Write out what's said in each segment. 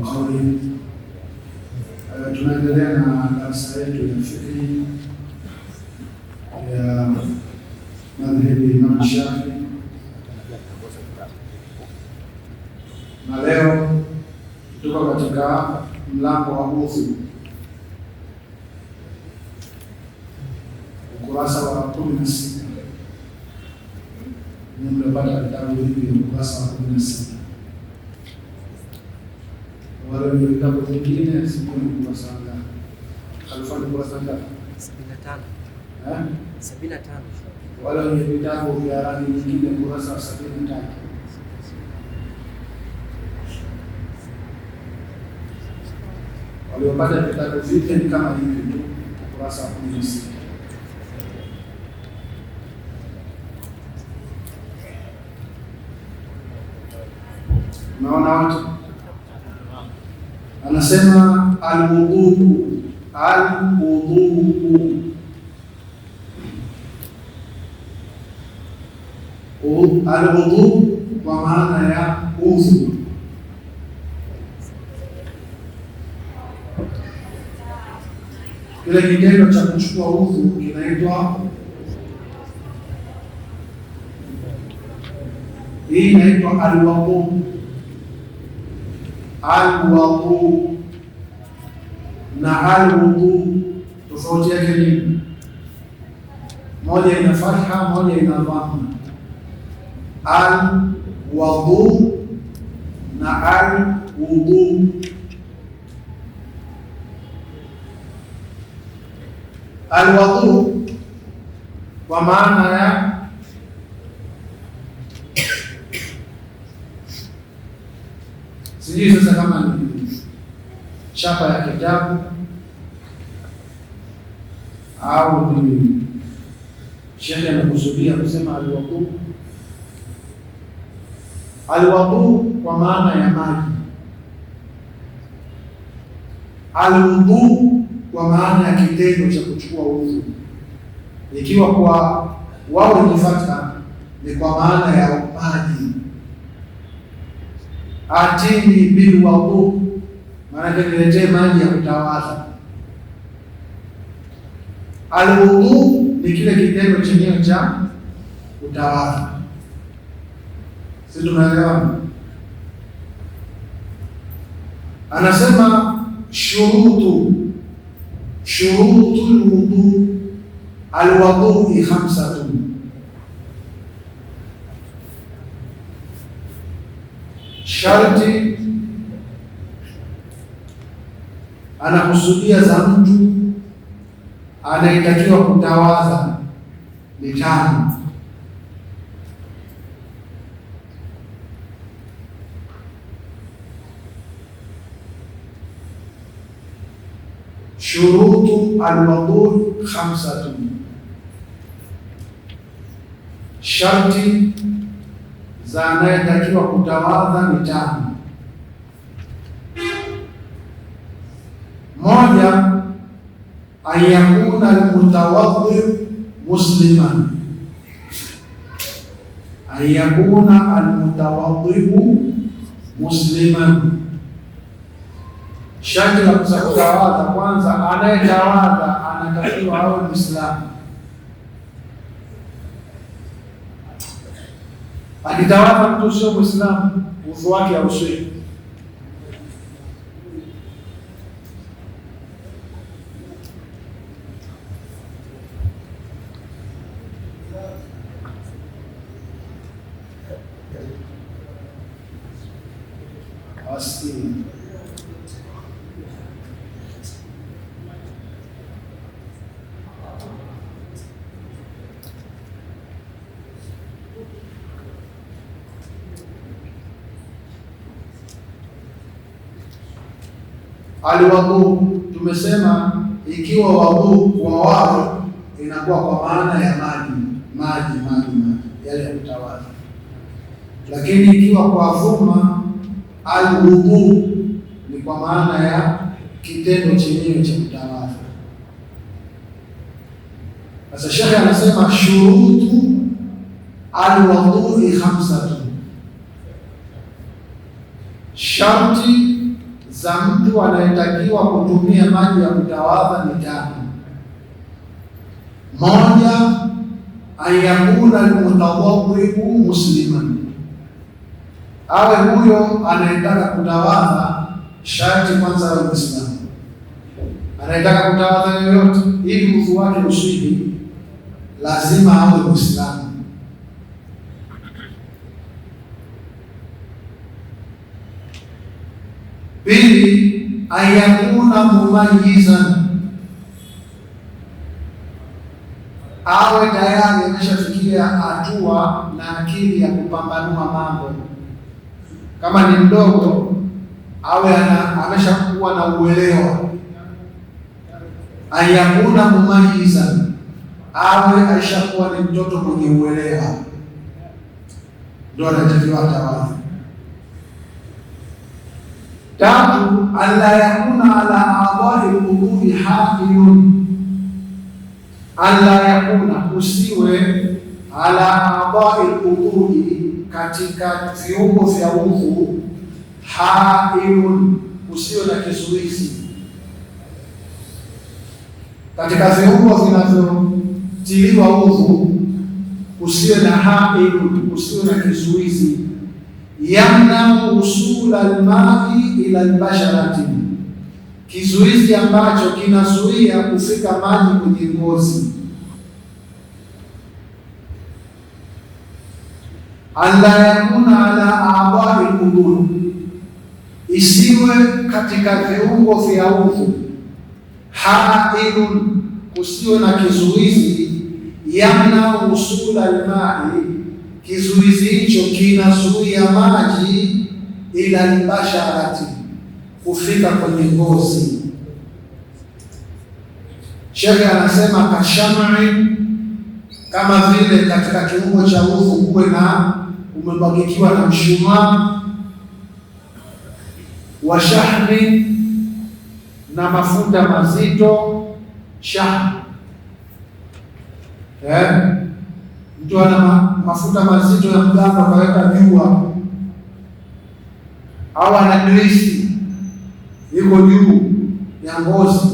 mzuri. Uh, eh, tunaendelea na darasa yetu ya fikri ya madhehebu ya Imam Shafi, na leo tuko katika mlango wa udhu, ukurasa wa kumi na sita. Nimepata vitabu hivi ukurasa wa kumi na sita. Wala ni vitabu vingine sijui ni kwa saa ngapi. Alifanikiwa saa ngapi? 75. Eh? 75. Wala ni vitabu vya rangi nyingine kurasa 75. Waliopata vitabu vipya ni kama hivi tu, kurasa 16. Unaona watu anasema alwudhuu alwudhuu alwudhu kwa maana ya udhu. Kile kitendo cha kuchukua udhu kinaitwa, hii inaitwa alwudhu alwudhu na alwudu tofauti yake ni moja ina fatha, moja ina dhamma. Al wadu na al wudu. Al kwa maana ya sijui sasa kama ni chapa ya kitabu au ni shehe anakusudia kusema alwadhu? Alwadhu kwa maana ya maji, alwudhu kwa maana ya kitendo cha kuchukua udhu, ikiwa kwa wao ni fatha, ni kwa maana ya maji. Atini bilwadhu, maanake niletee maji ya kutawadha Alhukumu ni kile kitendo chenyewe cha utawala. Sisi tunaelewa? Anasema shurutu shurutu lwudu alwadui khamsatu, sharti anakusudia za mtu anayetakiwa kutawaza mitano Shurutu alwudhu khamsatun, sharti za anayetakiwa kutawadha ni tano. Moja, أن يكون المتوضئ مسلما أن يكون المتوضئ مسلما شكل التوضع كوانزا أنا توضع أنا كفيل أو مسلم أكيد توضع مسلم وفواكه أو شيء aliwaguu. Tumesema ikiwa waguu wa wao inakuwa kwa maana ya maji maji maji maji yale ya kutawala, lakini ikiwa kwa vuma aluguu ni kwa maana ya kitendo chenyewe cha kutawala. Sasa shekhe anasema shurutu alwadui khamsatu, sharti za mtu anayetakiwa kutumia maji ya kutawadha ni tano. Moja, anyakuna almutadhawibu musliman, awe huyo anayetaka kutawadha sharti kwanza awe Muislamu. Anayetaka kutawadha yoyote ili udhu wake uswidi, lazima awe Muislamu. Pili, ayakuna mumayiza, awe tayari ameshafikia hatua na akili ya kupambanua mambo. Kama ni mdogo, awe ameshakuwa na uelewa. Ayakuna mumayiza, awe aishakuwa ni mtoto mwenye uelewa, ndio anatakiwa atawazi Tatu, alla yakuna ala adhari lqulubi hafidhun, alla yakuna usiwe ala adhari lqulubi, katika viungo vya udhu hailun, usiwe na kizuizi katika viungo vinavyotiliwa udhu, kusiwe na hailun, kusiwe na kizuizi yamnau usul almahi ila albasharati, kizuizi ambacho kinazuia kufika maji kwenye ngozi. Alla yakuna ala aadhari lquduru, isiwe katika viungo vya udhu. Haidun, kusiwe na kizuizi yamnau usul almahi Kizuizi hicho kinazuia maji ila libasharati, kufika kwenye ngozi. Shekhe anasema kashamri, kama vile katika kiungo cha uvu kuwe na umebagikiwa na mshumaa wa shahmi na mafuta mazito shah eh? mtu ana mafuta mazito ya mganga akaweka jua, au ana grisi iko juu ya ngozi,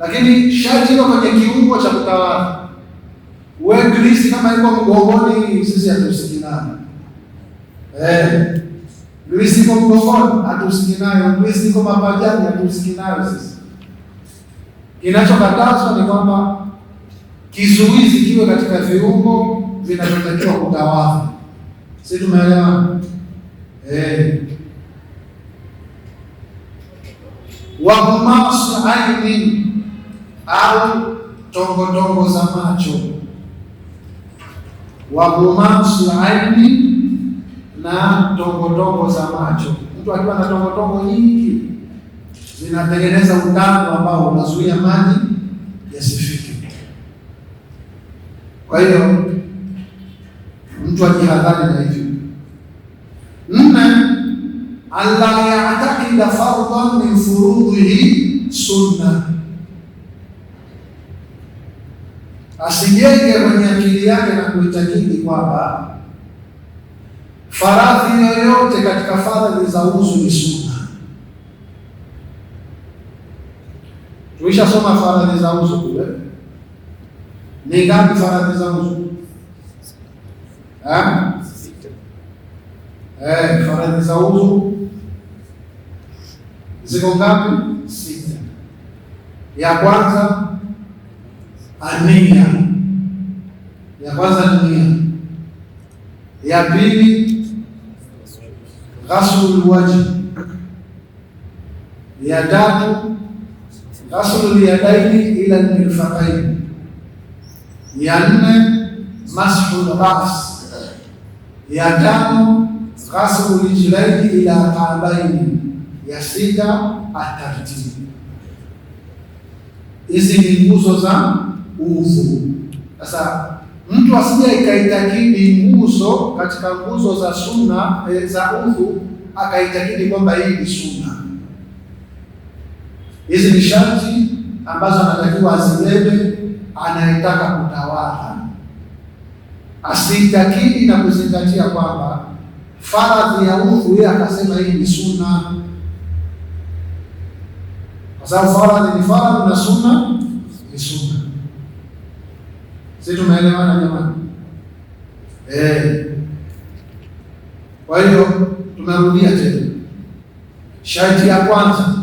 lakini shati iko kwenye kiungo cha kutawala. We grisi kama iko mgongoni, sisi hatusikinani eh. Grisi iko mgongoni, hatusiki-nayo. Grisi iko mapajani, hatusiki-nayo sisi. Kinachokatazwa ni kwamba kizuizi kiwe katika viungo vinavyotakiwa kutawala. Si tumeelewa eh? Wahumasu aini au tongotongo za macho, wahumasu aini na tongotongo za macho. Mtu akiwa na tongotongo nyingi zinatengeneza utando ambao unazuia maji Kwa hiyo mtu ajihadhari na hivyo. Nne, alla ya'taqida fardhan min furudhihi sunna, asijenge kwenye akili yake na kuitakidi kwamba faradhi yoyote katika faradhi za uzu ni sunna. Tulishasoma faradhi za uzu kule ni ngapi faradhi eh, za nguzo? eh, faradhi za nguzo ziko ngapi? Sita. Ya kwanza ania, ya kwanza nia, ya pili ghaslul wajhi, ya tatu ghaslul yadaini ila al-mirfaqaini ya nne mashu lbas, ya tano ghaslu rijlaini ila kaabaini, ya sita atartibu. Hizi ni nguzo za udhu. Sasa mtu asije ikaitakidi nguzo katika nguzo za sunna e, za udhu akaitakidi kwamba hii ni sunna. Hizi ni sharti ambazo anatakiwa azibebe anayetaka kutawala asiitakidi na kuzingatia kwamba faradhi ya udhu, yeye akasema hii ni sunna, kwa sababu faradhi ni faradhi na sunna ni sunna. Si tumeelewana jamani? Eh, kwa hiyo tunarudia tena, sharti ya kwanza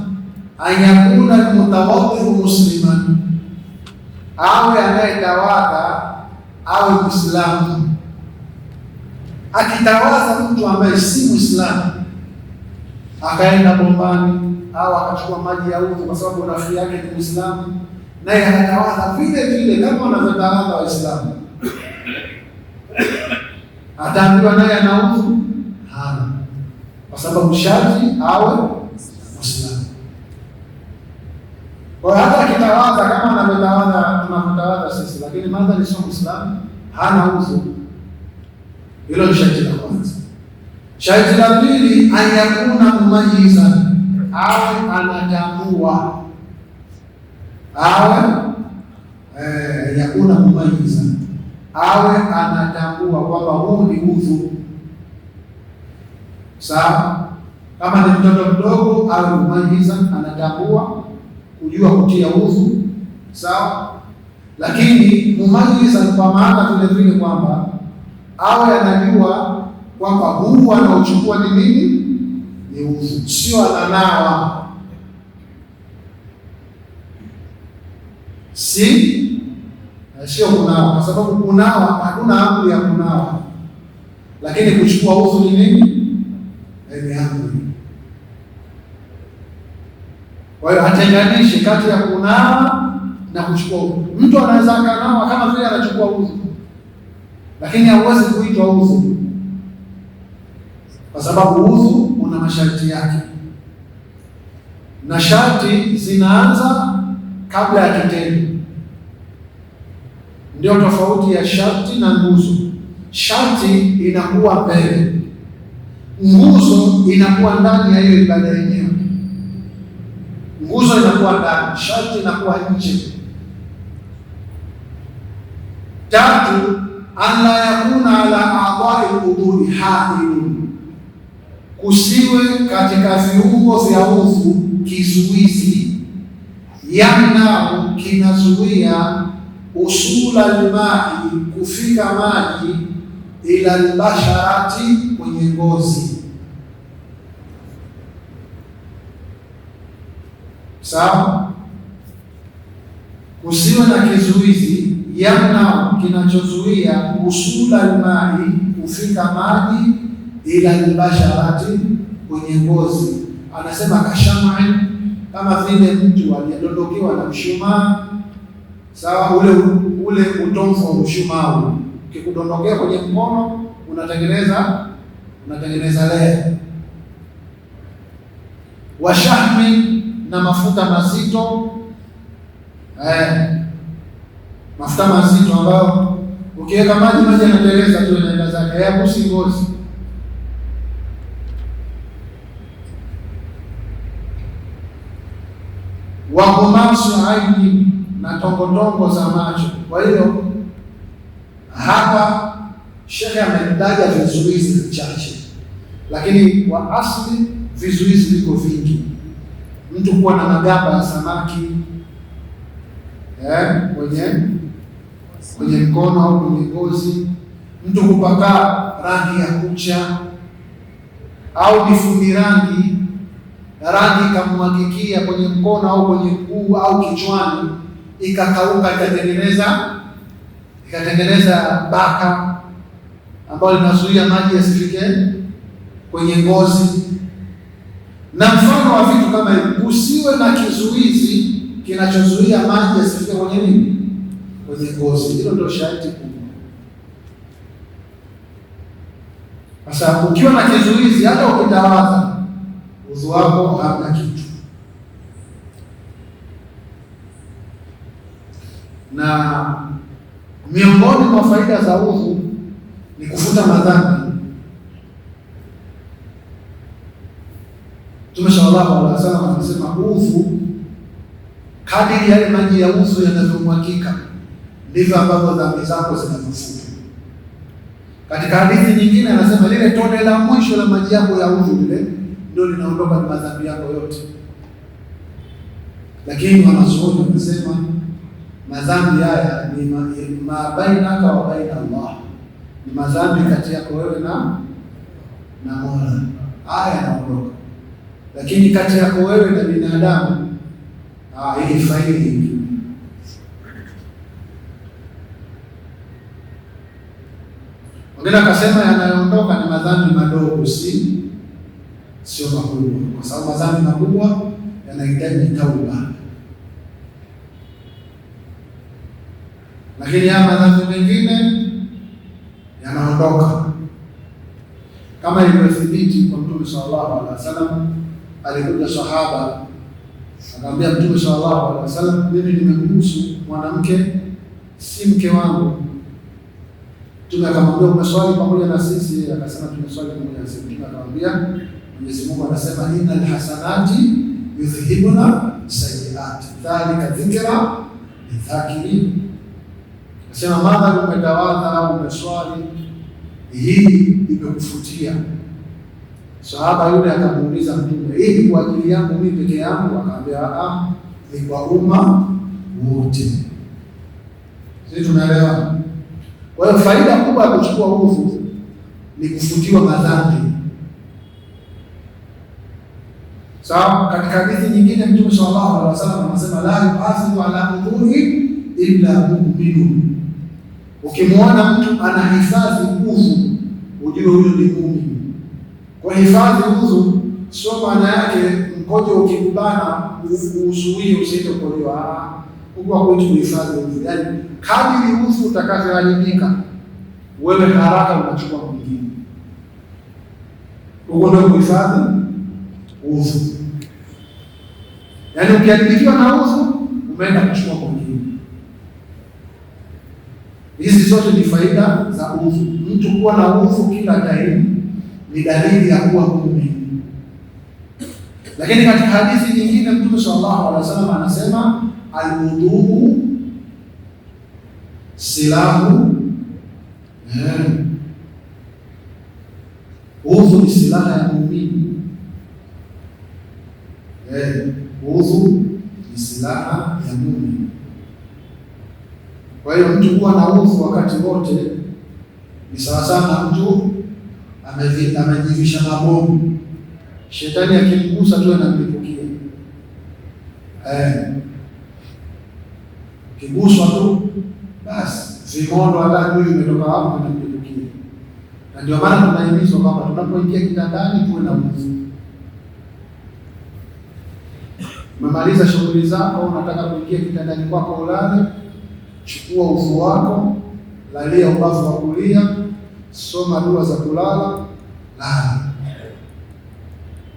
anyakuna mutawadhiu musliman awe anayetawadha awe Mwislamu. akitawaza mtu ambaye si Mwislamu akaenda bombani au akachukua maji ya udhu, kwa sababu rafiki yake ni Mwislamu, naye anatawaza vile vile kama wanavyotawaza Waislamu, ataambiwa naye ana udhu hana, kwa sababu sharti awe Mwislamu. Kwa hata akitawaza kama anavyotawaza lakini madhali sio Muislamu, hana uzu. Hilo ni sharti la kwanza. Sharti la pili, ayakuna mumayiza, awe anatambua, awe eh, yakuna mumayiza, awe anatambua kwamba huu ni uzu. Sawa, kama ni mtoto mdogo awe mumayiza, anatambua kujua kutia uzu, Sawa. Lakini mumajlis alikuwa maana vile vile kwamba awe anajua kwamba huu anaochukua ni nini, ni udhu, sio ananawa, si sio kunawa, kwa sababu kunawa, hakuna amri ya kunawa, lakini kuchukua udhu ni nini, ni amri. Kwa hiyo hatenganishi kati ya kunawa na kuchukua udhu. Mtu anaweza akanawa kama vile anachukua udhu, lakini hauwezi kuitwa udhu kwa sababu udhu una masharti yake, na sharti zinaanza kabla ya kitendo. Ndio tofauti ya sharti na nguzo. Sharti inakuwa mbele, nguzo inakuwa ndani ya hiyo ibada yenyewe. Nguzo inakuwa ndani, sharti inakuwa nje. Tatu, an la yakuna ala a'dha'i al-udhu kusiwe katika viungo vya udhu kizuizi. Yamnau, kinazuia usula al-ma'i, kufika maji ila al-basharati, kwenye ngozi. Sawa, kusiwe na kizuizi yana kinachozuia usula almai kufika maji ila albasharati, kwenye ngozi. Anasema kashamai, kama vile mtu aliyedondokewa na mshumaa. Sawa, ule ule utomfu wa mshumaa ukikudondokea kwenye mkono unatengeneza unatengeneza lee washahmi na mafuta mazito eh mafuta mazito ambao ukiweka maji maji yanateleza tu, yanaenda zake, hayagusi ngozi. Wakomasu aini na tongotongo za macho. Kwa hiyo hapa shekhe ametaja vizuizi vichache, lakini kwa asli vizuizi viko vingi. Mtu kuwa na magamba ya samaki eh, kwenye kwenye mkono au kwenye ngozi, mtu kupaka rangi ya kucha au kifumi rangi na rangi ikamwagikia kwenye mkono au kwenye mguu au kichwani, ikakauka, ikatengeneza ikatengeneza baka ambayo linazuia maji yasifike kwenye ngozi na mfano wa vitu kama hivi Usiwe na kizuizi kinachozuia maji yasifike kwenye nini kwenye ngozi. Hilo ndio shahidi kubwa. Sasa ukiwa na kizuizi, hata ukitawaza uzu wako hamna kitu, na miongoni mwa faida za udhu ni kufuta madhambi. Mtume sallallahu alaihi wasallam anasema udhu, kadiri yale maji ya udhu yanavyomwagika ndivyo ambavyo dhambi zako zinafufuka. Katika hadithi nyingine anasema lile tone la mwisho la maji yako ya udhu lile ndio linaondoka na madhambi yako yote. Lakini wanazuoni wanasema madhambi haya ni mabainaka wa baina Allah, ni madhambi kati yako wewe na na Mola. Haya yanaondoka, lakini kati yako wewe na binadamu hii faili Wengine akasema yanayoondoka ni madhambi madogo, si sio makubwa, kwa sababu madhambi makubwa yanahitaji tauba, lakini haya madhambi mengine yanaondoka kama ilivyothibiti kwa Mtume sallallahu alaihi wasallam. Alikuja sahaba akamwambia Mtume sallallahu alaihi wasallam, mimi nimemhusu mwanamke, si mke wangu Mtume akamwambia umeswali pamoja na sisi? Akasema tumeswali pamoja na sisi. Mtume akamwambia Mwenyezi Mungu anasema innal hasanati yudhhibuna sayiati dhalika dhikra lidhakirin. Akasema madhali umetawadha au umeswali, hii imekufutia. Sahaba yule akamuuliza Mtume, hii ni kwa ajili yangu mimi peke yangu? Akaambia a, ah, ni kwa umma wote. Sisi tunaelewa kwa hiyo faida kubwa ya kuchukua udhu ni kufutiwa madhambi. Sawa, katika hadithi nyingine Mtume sallallahu alaihi wasallam anasema la yuhafizu ala udhuhi illa mu'minun. Ukimwona mtu anahifadhi udhu, ujue huyo ni mu'min. Kwa hifadhi udhu sio maana yake mkojo ukikubana uzuie usiende kuolewa. Mungu hakuiti kuhifadhi udhu, yaani kadiri udhu utakavyoharibika wewe haraka unachukua mwingine. Huko ndio kuhifadhi udhu, yani ukiharibikiwa na udhu umeenda kuchukua mwingine. Hizi zote ni faida za udhu. Mtu kuwa na udhu kila daima ni dalili ya kuwa muumini, lakini katika hadithi nyingine Mtume sallallahu alaihi wasallam anasema alwudhuu, silahu eh. udhu ni silaha ya muumini. Eh, udhu ni silaha ya muumini. Kwa hiyo mtu kuwa na udhu wakati wote ni sawasawa na mtu amejivisha mabomu, shetani akimgusa tu anamlipukia. Eh. Kiguswa tu basi, zimondo hata juu imetoka wapo vinamtukia. Na ndio maana tunahimizwa kwamba tunapoingia kitandani tuwe na uzi. Umemaliza shughuli zako, unataka kuingia kitandani kwako ulale, chukua ufu wako, lalia ubavu wa kulia, soma dua za kulala, lala.